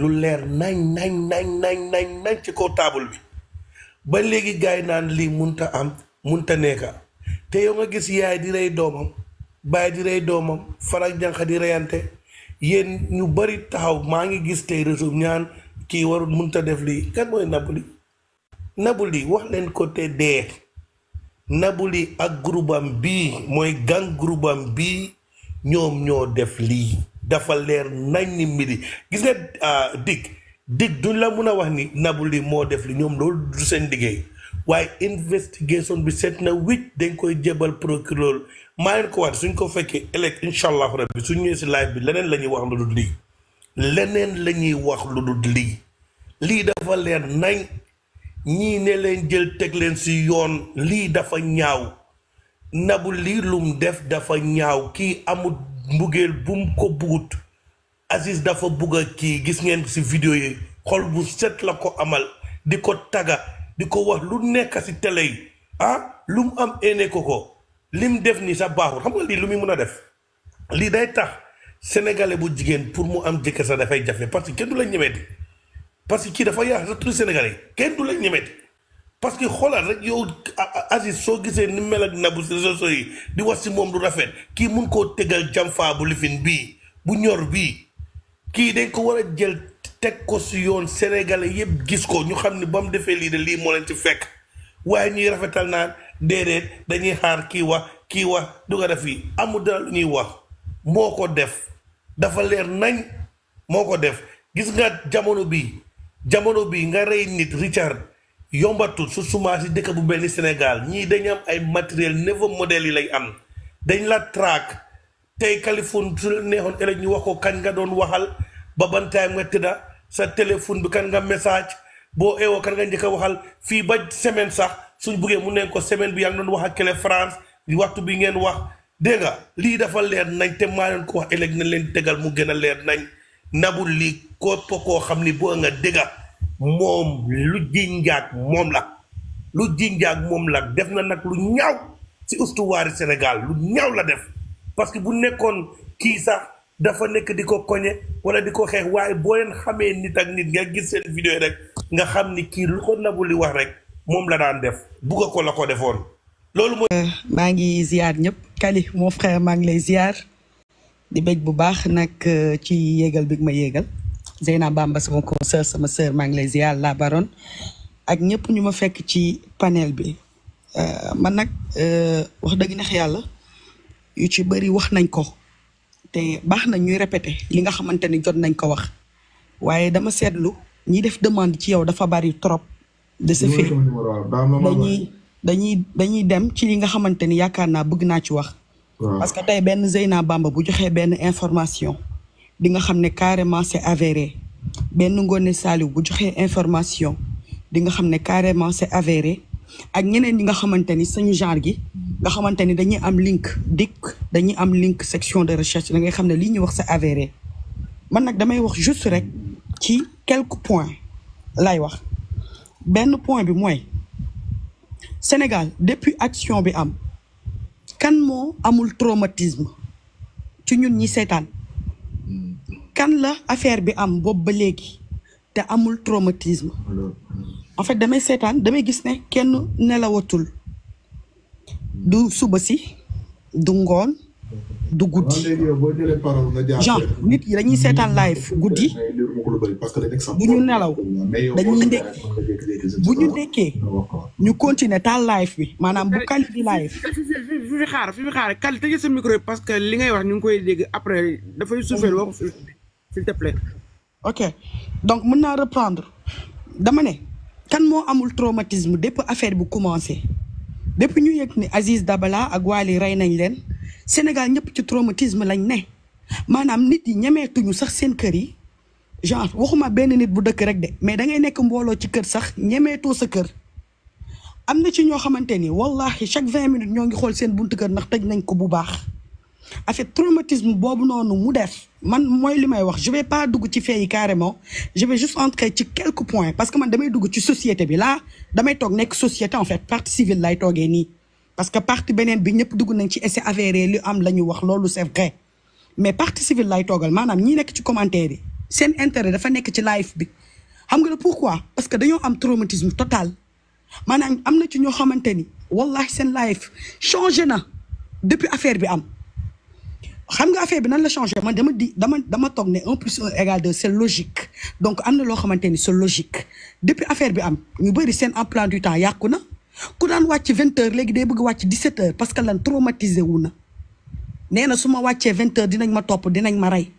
lu leer nañ nañ nañ nañ nañ nañ ci kaw taabul bi ba léegi gaay naan lii munta am munta nekka te yow nga gis yaay di rey doomam baay di rey doomam farak jànq di reyante yéen ñu bari taxaw maa ngi gis tey réseau ñaan kii warul munta def lii kan mooy Nabou Leye wax leen ko te dee Nabou ak groupam bii mooy gan grubam bii ñoom ñoo def lii dafa leer nañ ni mbiri gis nga dig dig duñ la mun a wax ni nabu lii moo def li ñoom loolu du seen liggéey waaye investigation bi seet na wicc dañ koy jëbal procureur maa leen ko wax suñ ko fekkee ëllëg incha allahu rabbi suñ ñëwee si live bi leneen la ñuy wax lu dul lii leneen la wax lu dul lii lii dafa leer nañ ñii ne leen jël teg leen si yoon lii dafa ñaaw nabu lii lum def dafa ñaaw ki amut mbugeel bum ko bugut Aziz dafa bugg a kii gis ngeen si vidéo yi xol bu set la ko amal di ko taga di ko wax lu nekk si télé yi ah lu mu am éene ko ko mu def nii sa baaxul xam nga lii lu muy mun a def lii day tax sénégalais bu jigéen pour mu am jëkkër sax dafay jafe parce que kenn du la yi parce que kii dafa yaax sa turu sénégalais kenn du la ñemeeti parce que xoolal rek yow Aziz soo gisee ni mel ak nabu si réseaux yi di wax si moom du rafet kii mun koo tegal jàmfaa bu lifin bii bu ñor bii kii dañ ko war a jël teg ko si yoon sénégalais yëpp gis ko ñu xam ne ba mu defee lii de lii moo leen ci fekk waaye ñuy rafetal naan déedéet dañuy xaar kii wax kii wax du ko def yi amul lu ñuy wax moo ko def dafa leer nañ moo ko def gis nga jamono bi jamono bi nga rey nit Richard yombatul su suma si dëkk bu mel ni Sénégal ñii dañu am ay matériel nouveau modèle yi lay am dañ la traque tey Kaliphone su neexoon ëllëg ñu wax ko kañ nga doon waxal ba ban time da sa téléphone bi kan nga message boo eewoo kan nga njëkk a waxal fii ba semaine sax suñ buggee mu neen ko semaine bi yaa na doon wax ak Kele France waxtu bi ngeen wax dégg nga lii dafa leer nañ te maa leen ko wax ëllëg na leen tegal mu gën a leer nañ nabul lii ko koo xam ni boo nga moom lu jinjaag moom la lu jinjaag moom la def na nag lu ñaaw si ustuwaari Sénégal lu ñaaw la def parce que bu nekkoon kii sax dafa nekk di ko koñe wala di ko xeex waaye boo leen xamee nit ak nit nga gis seen vidéo rek nga xam ni kii lu ko nabu li wax rek moom la daan def bugga ko la ko defoon loolu mooy. Euh, maa ngi ziar ñëpp Kali moo frère maa ngi lay ziar di bëgg bu baax nag euh, ci yéegal bi ma yégal Zeyna Bamba sama consœur sama sœur maa ngi lay ziar ak ñëpp ñu ma fekk ci panel bi euh, man nag euh, wax dëgg neex yàlla yu ci bëri wax nañ ko te baax na ñuy répété li nga xamante ni jot nañ ko wax waaye dama seetlu ñi def demande ci yow dafa bari trop. de ce fait dañuy dañuy dem ci li nga xamante ni yaakaar naa bëgg naa ci wax. parce que tey benn Zeyna Bamba bu joxee benn information. di nga xam ne carrément c'est avéré benn Ngoné Saliou bu joxee information di nga xam ne carrément c'est avéré ak ñeneen ñi nga xamante ni suñu genre gi nga xamante ni dañuy am link dikk dañuy am link section de recherche da ngay xam ne lii ñuy wax c'est avéré man nag damay wax juste rek ci quelque point lay wax benn point bi mooy Sénégal depuis action bi am kan moo amul traumatisme ci ñun ñi seetaan kan la affaire bi am boobu ba léegi te amul traumatisme en fait damay seetaan damay gis ne kenn nelawatul du suba si du ngoon du guddi genre nit yi dañuy seetaan live guddi bu ñu nelaw dañuy ndékk bu ñu ndékkee ñu continuer taal live bi maanaam bu kali di live fi fi xaar fi fi xaar kali tëjee sa micro parce que li ngay wax ñu ngi koy léegi après dafay suufeel fi s'il te plaît. ok donc mën naa reprendre dama ne kan moo amul traumatisme dépp affaire bu commencé dépp ñu yëg ni Aziz Dabala ak Wally rey nañ leen Sénégal ñëpp ci traumatisme lañ ne maanaam nit yi ñemeetuñu sax seen kër yi genre waxuma benn nit bu dëkk rek de mais dangay nekk mbooloo ci kër sax ñemeetoo sa kër. am na ci ñoo xamante ni wallahi chaque vingt minutes ñoo ngi xool seen buntu kër ndax tëj nañ ko bu baax affaire traumatisme boobu noonu mu def man mooy li may wax je vais pas dugg ci fee yi carrément je vais juste entrer ci quelque points parce que man damay dugg ci société bi là damay toog nekk société en fait partie civile lay toogee nii. parce que partie beneen bi ñëpp dugg nañ ci essai affaire li am la ñu wax loolu c'est vrai mais partie civile lay toogal maanaam ñi nekk ci commentaire bi seen intérêt dafa nekk ci live bi xam nga ne pourquoi parce que dañoo am traumatisme total maanaam am na ci ñoo xamante ni wallahi seen live changé na depuis affaire bi am. xam nga affaire bi nan la changé ma dama di dama dama toog ne un plus un égal deux c'est logique donc am na loo xamante ni c'est logique depuis affaire bi am ñu bëri seen emploi du temps yàqu na ku daan wàcc vingt léegi day bëgg wàcc dix-sept heures parce que lan traumatisé wu na nee na su ma wàccee vingt heures dinañ ma topp dinañ ma rey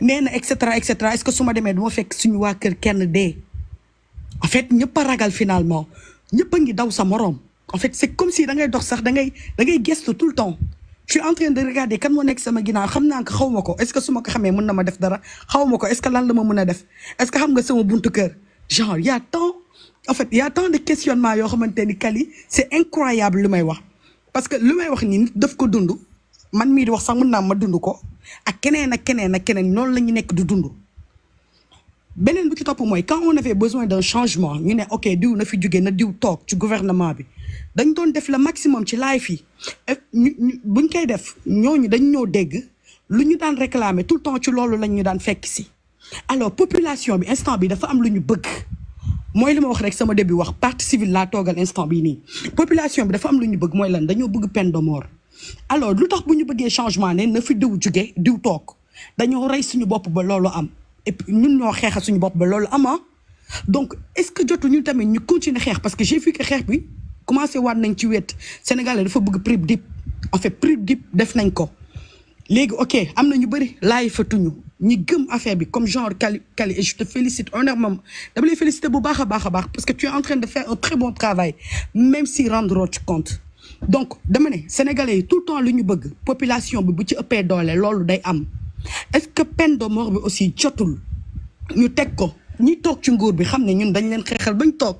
nee na et cetera et cetera est que su ma demee du fekk suñu waa kër kenn dee en fait ñëpp ragal finalement ñëpp a ngi daw sa moroom en fait comme si da ngay dox sax da ngay ngay gestu tout le temps je suis en train de regarder kan moo nekk sama ginnaaw xam naa ko xaw ma ko est ce que su ma ko xamee mën na ma def dara xaw ko est ce que lan la ma mën a def est ce que xam nga sama buntu kër genre y' a tant en fait y' a de questionnement yoo xamante ni Kali c' est incroyable lu may wax parce que lu may wax nii nit daf ko dundu man mii di wax sax mën naa ma dund ko ak keneen ak keneen ak keneen noonu la ñu nekk du dund. beneen bu ci topp mooy quand on avait besoin de changement ñu ne ok diw na fi jóge na diw toog ci gouvernement bi dañ doon def le maximum ci live yi euh, buñ koy def ñooñu dañ ñoo dégg lu ñu daan réclamer tout le temps ci loolu lañ ñu daan fekk si alors population bi instant bi dafa am lu ñu bëgg mooy li ma wax rek sama début wax partie civile laa toogal instant bii nii population bi dafa am lu ñu bëgg mooy lan dañoo bëgg peine de mort lu tax bu ñu bëggee changement ne na fi diw jóge diw toog dañoo rey suñu bopp ba loolu am et puis ñun ñoo xeexal suñu bopp bi loolu ama ah. donc est-ce que jotu ñu tamit ñu continuer xeex parce que j'ai vu que xeex bi commencé waat nañ ci wet Sénégalais dafa bëgg prix dip en fait prix dip def nañ ko léegi ok am na ñu bëri laay fatuñu ñi gëm affaire bi comme genre Kali Kali et je te félicite honnêtement dama lay féliciter bu baax a baax a baax parce que tu es en train de faire un très bon travail même si rendre tu compte donc dama ne sénégalais yi tout le temps lu ñu bëgg population bi bu ci ëppee doole loolu day am est-ce que peine de bi aussi jotul ñu teg ko ñi toog ci nguur bi xam ne ñun dañ leen xeexal bañ toog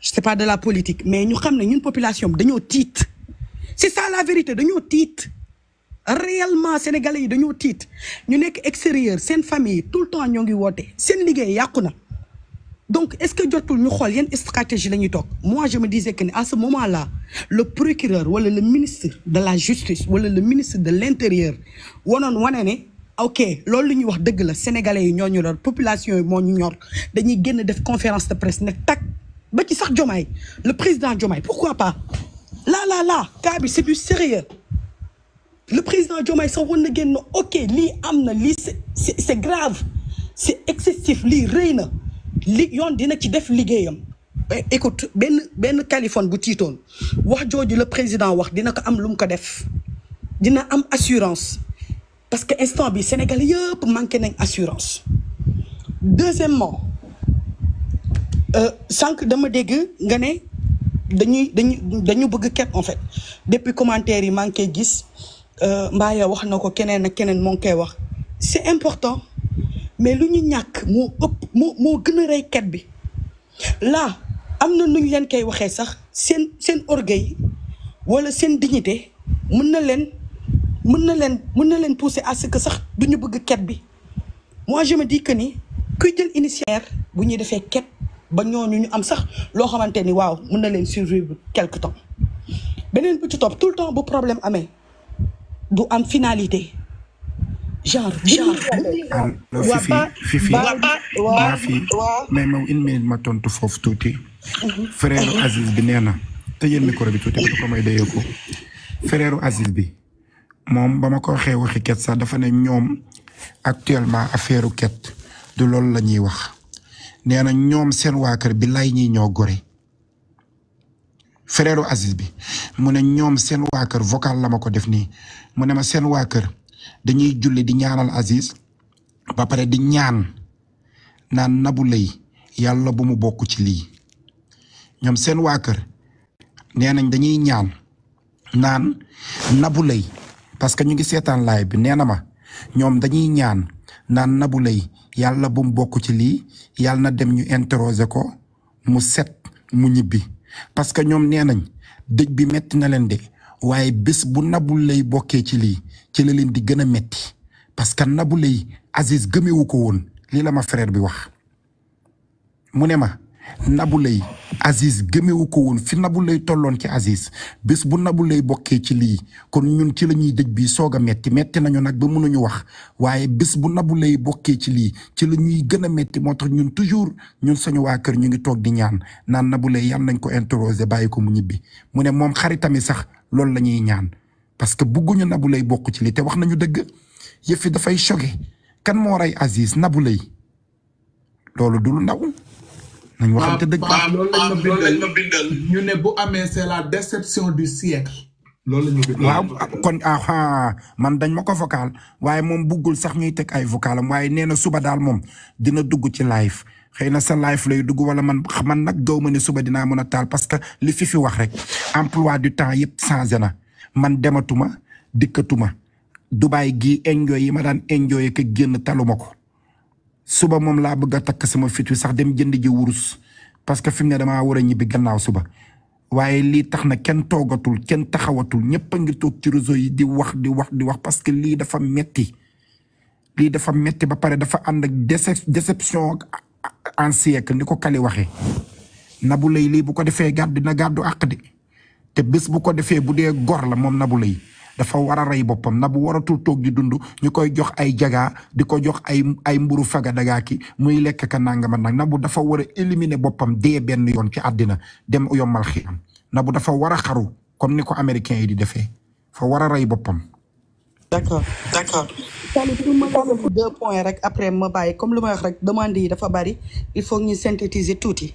c'est pas de la politique mais ñu xam ne ñun population bi dañoo tiit c'est ça la vérité dañoo tiit réellement sénégalais yi dañoo tiit ñu nekk extérieur seen famille tout le temps ñoo ngi woote seen liggéey yàqu na donc est-ce que jotul ñu xool yan stratégie la ñuy toog mois je me disais que ne à ce moment la le procureur wala le ministre de la justice wala le ministre de l'intérieur wanoon wane ne ok loolu lu ñuy wax dëgg la sénégalais yi ñoo ñu lor population yi moo ñu ñor dañuy génn def conférence de presse ne tak ba ci sax Diomaye le président Diomaye pourquoi pas là là là cas bi c'est du sérieux le président Diomaye sax war na génn ok lii am na lii c'est c'est grave c'est excessif lii rëy na li yoon dina ci def liggéeyam e, écoute benn benn Californie gu tiitoon wax jooju la président wax dina ko am lu mu ko def dina am assurance parce que instant bi Sénégal yëpp manqué nañ assurance deuxièmement euh, sànq dama dégg nga ne dañuy dañu dañu bëgg kepp en fait depuis commentaire yi maa ngi koy gis euh, Mbaye wax na ko keneen ak keneen moo ngi koy wax c'est important mais lu ñu ñàkk moo ëpp moo gën a rey ket bi là am na nu ñu leen koy waxee sax seen seen orgueil wala seen dignité mën na leen mën na leen mën na leen pousser à que sax du ñu bëgg ket bi moi je me dis que ni kuy jël initiaire bu ñuy defee ket ba ñooñu ñu am sax loo xamante ni waaw mën na leen survivre quelque temps beneen bu ci topp tout le temps bu problème amee du am finalité genre genre. waa ah, ba Fifi waa Fifi mais moom une ma tontu foofu tuuti. Mhm. frère Aziz bi nee na tëjee micro bi tuuti ba mhm. ko ko frère Aziz bi. moom ba ma ko waxee waxi ket sax dafa ne ñoom actuellement affaire ket du loolu la ñuy wax nee na ñoom seen waa kër bi lay ñi ñoo gore frère Aziz bi mu ne ñoom seen waa kër vocal la ko def nii mu ne ma seen waa kër dañuy julli di ñaanal Aziz ba pare di ñaan naan Nabou Leye yàlla bu mu bokk ci lii ñoom seen waa kër nee nañ dañuy ñaan naan nabu Leye parce que ñu ngi seetaan laay bi nee na ma ñoom dañuy ñaan naan Nabou Leye yàlla bu mu bokk ci lii yàlla na dem ñu interroger ko mu set mu ñibbi parce que ñoom nee nañ dëj bi metti na leen de waaye bés bu Nabou lay bokkee ci lii ci la leen di gën a metti parce que Nabou Leye Aziz gëmewu ko woon lii la ma frère bi wax mu ne ma nabu lay Aziz gëmewu ko woon fi lay tolloon ci Aziz bés bu nabu lay bokkee ci lii kon ñun ci la ñuy dëj bi soog a metti metti nañu nag ba mënuñu wax waaye bés bu nabu lay bokkee ci lii ci la ñuy gën a metti moo tax ñun toujours ñun suñu waa kër ñu ngi toog di ñaan naan nabu Naboulaye yal nañ ko interroger bàyyi ko mu ñibbi mu ne moom xaritami sax loolu la ñuy ñaan parce que nabu lay bokk ci lii te wax nañu dëgg yëf dafay choqué kan moo rey Aziz Naboulaye loolu du ndaw nañ waxante dëgg amee c'est la déception waaw kon ah man dañ ma ko vocal waaye moom buggul sax ñuy teg ay vocalam waaye nee na suba daal moom dina dugg ci live xëy na sa live lay dugg wala man man nag gaw ma ne suba dinaa mën a taal parce que li fi fi wax rek emploi du temps yëpp changé na man dematuma dikkatuma Dubaay gi enjoy yi ma daan enjoy ka génn taluma ko. suba moom laa bëgg a takk sama fit wi sax dem jënd ji wurus parce que fi mu ne damaa war a ñibbi gannaaw suba waaye lii tax na kenn toogatul kenn taxawatul ñëpp a ngi toog ci réseau yi di wax di wax di wax parce que lii dafa metti lii dafa metti ba pare dafa ànd ak déception en siècle ni ko Kali waxee Nabou Leye lii bu ko defee gàdd na gàddu àq de te bés bu ko defee bu dee gor la moom Nabou Leye dafa war a rey boppam na bu waratul toog di dund ñu koy jox ay jagaa di ko jox ay ay mburu faga dagaa ki muy lekk ka nangama nag na bu dafa war a éliminer boppam dee benn yoon ci addina dem yombal xiam na bu dafa war a xaru comme ni ko américains yi di defee fa war boppam. d'accord d'accord. Sali pour ma rek après ma bàyyi comme lu ma rek demande yi dafa bari il faut ñu synthétiser tuuti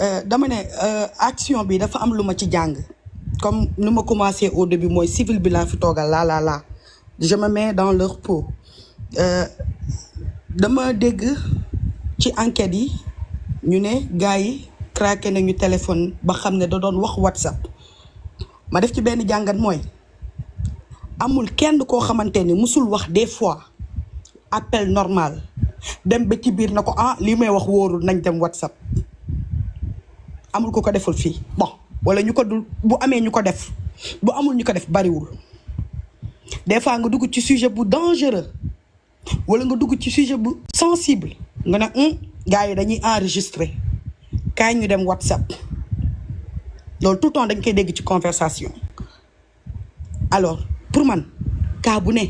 euh, dama ne euh, action bi dafa am lu ma ci jàng. comme nu ma commencé au début mooy civil bi laa fi toogal laa laa laa je dans leur peau euh, dama dégg ci enquête yi ñu ne gars yi craqué nañu téléphone ba xam ne da doon wax WhatsApp ma def ci benn jàngat mooy amul kenn koo xamante ni musul wax des fois appel normal dem ba ci biir na ko ah lii may wax wóorul nañ dem WhatsApp amul ko ko deful fii wala ñu ko dul bu amee ñu ko def bu amul ñu ko def bariwul des fois nga dugg ci sujet bu dangereux wala nga dugg ci sujet bu sensible nga ne un gars yi dañuy kaa yi ñu dem WhatsApp loolu tout le temps dañ koy dégg ci conversation alors pour man cas bu ne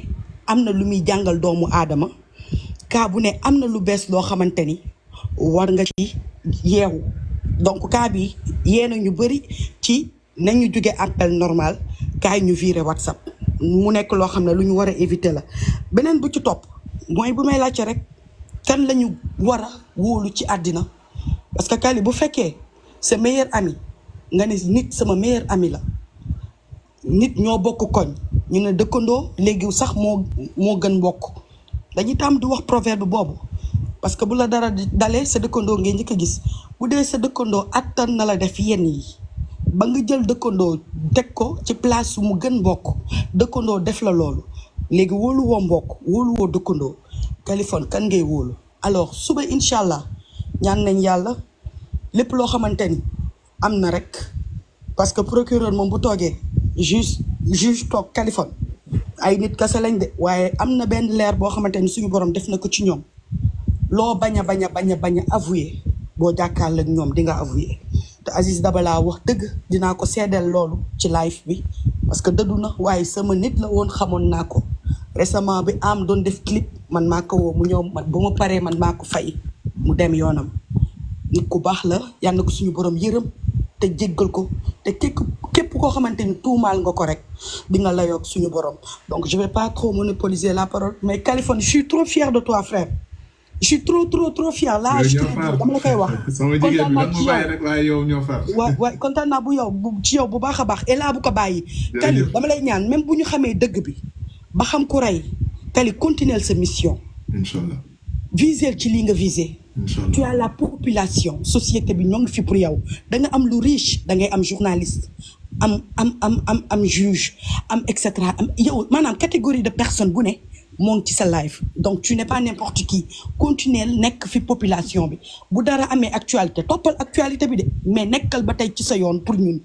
am na lu muy jàngal doomu aadama cas bu ne am na lu bees loo xamante ni war nga ci yeewu donc cas bi yéena ñu bëri ci ñu jóge appel normal kaay ñu viré whatsapp mu nekk loo xam ne lu ñu war a éviter la beneen bu ci topp mooy bu may laajte rek kan la ñu war a wóolu ci àddina parce que Kali bu fekkee sa meilleur ami nga ne nit sama meilleur ami la nit ñoo bokk koñ ñu ne dëkkandoo léegi sax moo moo gën mbokk dañuy tam di wax proverbe boobu parce que bu la dara dalee sa dëkkandoo ngay njëkk a gis bu dee sa dëkkandoo attan na la def yenn yi ba nga jël dëkkandoo teg ko ci place su mu gën mbokk dëkkandoo def la loolu léegi wóolu woo mbokk wóolu woo dëkkandoo Kaliphone kan ngay wóolu alors suba incha allah ñaan nañ yàlla lépp loo xamante ni am na rek parce que procureur moom bu toogee juge juge toog Kaliphone ay nit kese lañ de waaye am na benn leer boo xamante ni suñu borom def na ko ci ñoom loo bañ a bañ a bañ a bañ a avoué boo jàkkaarloog ñoom dinga nga avoué te Aziz Dabala wax dëgg dinaa ko seedeel loolu ci live bi parce que dëddu na waaye sama nit la woon xamoon naa ko récemment bi am doon def clip man maa ko woo mu ñëw man ba ma paree man maa ko fay mu dem yoonam nit ku baax la yal na suñu borom yërëm te jéggal ko te képp képp koo xamante ni tuumaal nga ko rek di nga layoog suñu borom donc je vais pas trop monopoliser la parole mais Kaliphone je suis trop fier de toi frère je suis trop trop trop fier là je dama la koy wax. kontaan naa ci yow waaw waaw kontaan bu yow bu bu baax a baax et là bu ko bàyyi. tali dama lay ñaan même bu ñu xamee dëgg bi ba xam ko rey tali continuer sa mission. incha ci lii nga vise tu as la population société bi ñoo ngi fi pour yow danga am lu riche dangay am journaliste am am am am am juge am et cetera am yow maanaam catégorie de personne bu ne. moo ci sa live donc tu n'es pas n'importe qui continuer nekk fi population bi bu dara amee actualité toppal actualité bi de mais nekkal ba tey ci sa yoon pour ñun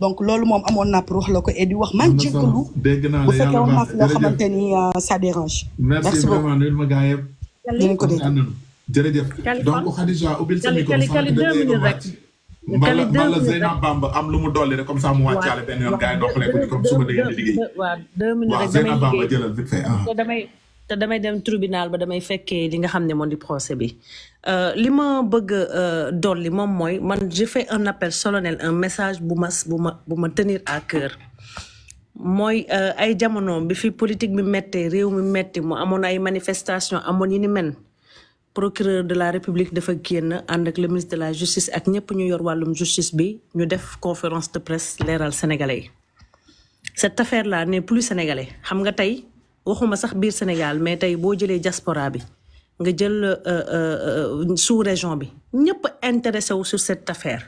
donc loolu moom amoon naa pour wax la ko et di wax maa ngi jéggalu bu fekkee wax naa fi loo xamante sa euh, ça dérange merci beaucoup dinañ ko dégg jërëjëf donc Khadija ubbil sa micro mbala mbala Zeyna Bamba am lu mu dolli rek comme ça mu wàccaale benn yoon waaw te damay dem tribunal ba damay fekkee li nga xam ne moom di procès bi euh, li ma bëgg a euh, dolli moom mooy man j'ai fait un appel solennel un message bu ma bu ma bu ma tenir à cœur. mooy euh, ay jamono bi fi politique bi méttee réew mi métti mu amoon ay manifestation amoon yi ni men procureur de la république dafa génn ànd ak le ministre de la justice ak ñëpp ñu yor wàllum justice bi ñu def conférence de presse leeral sénégalais yi cette affaire là ne plus sénégalais xam nga tey waxuma sax biir Sénégal mais tey boo jëlee jaspora bi nga jël euh, euh, euh, sous région bi ñëpp intéressé wu sur cette affaire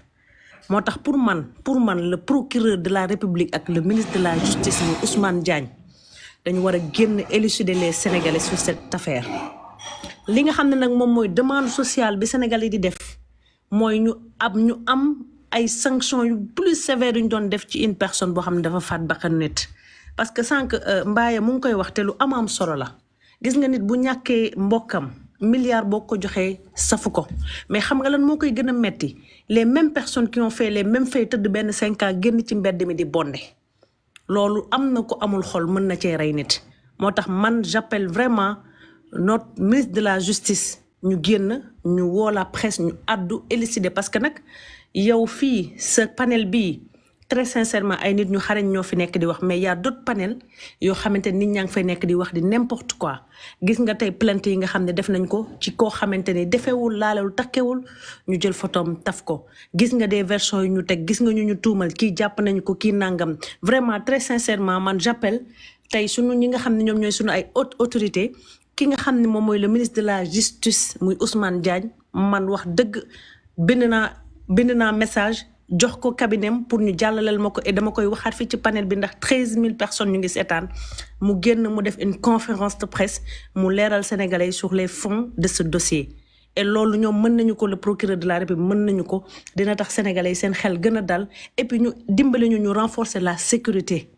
moo tax pour man pour man le procureur de la république ak le ministre de la justice muy Ousmane Diagne dañu war a génn élucider les sénégalais sur cette affaire. li nga xam ne nag moom mooy demande sociale bi Sénégal yi di def mooy ñu ab ñu am ay sanctions yu plus sévères yu ñu doon def ci une personne boo xam ne dafa faat bakkan nit parce que sànq euh, Mbaye mu ngi koy wax te lu am am solo la gis nga nit bu ñàkkee mbokkam milliard boo ko joxee safu ko mais xam nga lan moo koy gën a metti les même personnes qui ont fait les mêmes faits tëdd benn cinq ans génn ci mbedd mi di bonde loolu am na ko amul xol mën na cee rey nit moo tax man j'appelle vraiment notre mise de la justice ñu génn ñu woo la presse ñu àddu élucider parce que nag yow fii sa panel bii très sincèrement ay nit ñu xarañ ñoo fi nekk di wax mais y a d'autres panel yoo xamante nit ñaa ngi fay nekk di wax di n'importe quoi gis nga tey plainte yi nga xam ne def nañ ko ci koo xamante ni defewul laalewul takkewul ñu jël photom taf ko gis nga des versions yu ñu teg gis nga ñu ñu tuumal kii jàpp nañu ko kii nangam vraiment très sincèrement man j'appelle tey sunu ñi nga xam ne ñoom ñooy sunu ay haute autorité ki nga xam ne moom mooy le ministre de la justice muy Ousmane Diagne man wax dëgg bind naa bind naa message jox ko cabinetam pour ñu jàllaleel ma ko et dama koy waxaat fii ci panel bi ndax treize mille personnes ñu ngi seetaan mu génn mu def une conférence de presse mu leeral sénégalais sur les fonds de ce dossier. et loolu ñoom mën nañu ko le procureur de la république mën nañu ko dina tax sénégalais seen xel gën a dal et puis ñu dimbali ñu ñu renforcer la sécurité.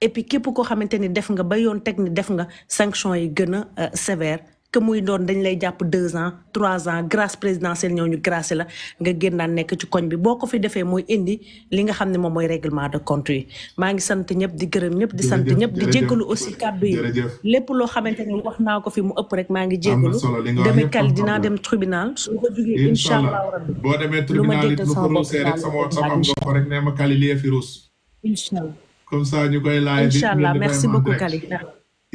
et képp koo xamante ni def nga ba yoon teg ni def nga sanction yi gën a euh, sévère que muy doon dañ lay jàpp deux ans trois ans grace présidentielle ñëw ñu grâce la nga gén daan nekk ci koñ bi boo ko fi defee mooy indi li nga xam ne moom mooy réglement de compte yi maa ngi sant ñëpp di gërëm ñëpp di sant ñëpp di jéggalu aussi kàddu yi lépp loo xamante ni wax naa ko fi mu ëpp rek maa ngi jéggalu demee kal dinaa dem tribunal su ko jugee incha allah rabbi boo lu ma dégg sama bopp comme ça ñu koy laaj. incha allah merci beaucoup Kali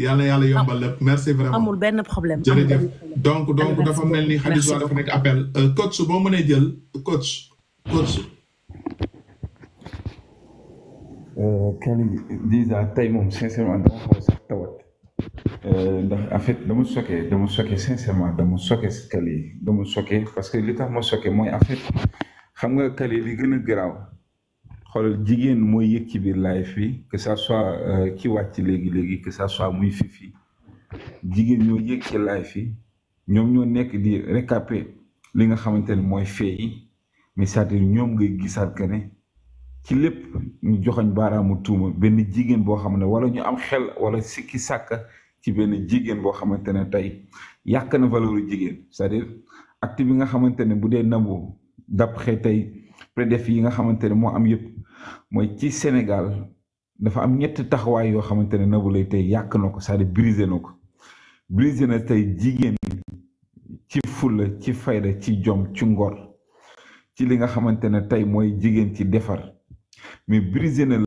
yàlla yàlla yombal lépp merci vraiment amul benn problème jërëjëf donc donc dafa mel ni xadis waa dafa nekk appel euh, coach boo mënee jël coach coach euh, Kali déjà tey moom sincèrement dama xaw sax tawat euh, ndax en fait dama choqué dama choqué sincèrement dama choqué si Kali dama choqué parce que li tax ma choqué mooy en fait xam nga Kali li gën a garaaw xoolal jigéen mooy yëg ci biir live fii que ça soit ci euh, wàcc léegi léegi que ça soit muy fii jigéen ñoo yëg ci lay yi ñoom ñoo nekk di récapé li nga xamante ne mooy fee yi mais cest à ñoom ngay gisaat que ne ci lépp ñu joxoñ baaraamu tuuma benn jigéen boo xam ne wala ñu am xel wala sikki sàkk ci benn jigéen boo xamante ne tey yàq na valeur jigéen c'est-à-dire bi nga xamante ne bu dee Nabou d'après tey prédef yi nga xamante ne moo am yëpp mooy ci Sénégal dafa am ñetti taxawaay yoo xamante ne Nabou Leye tey yàq na ko c'est-à-dire na ko brise na tey jigéen ci fulla ci fayda ci jom ci ngor ci li nga xamante ne tey mooy jigéen ci defar mais brisé na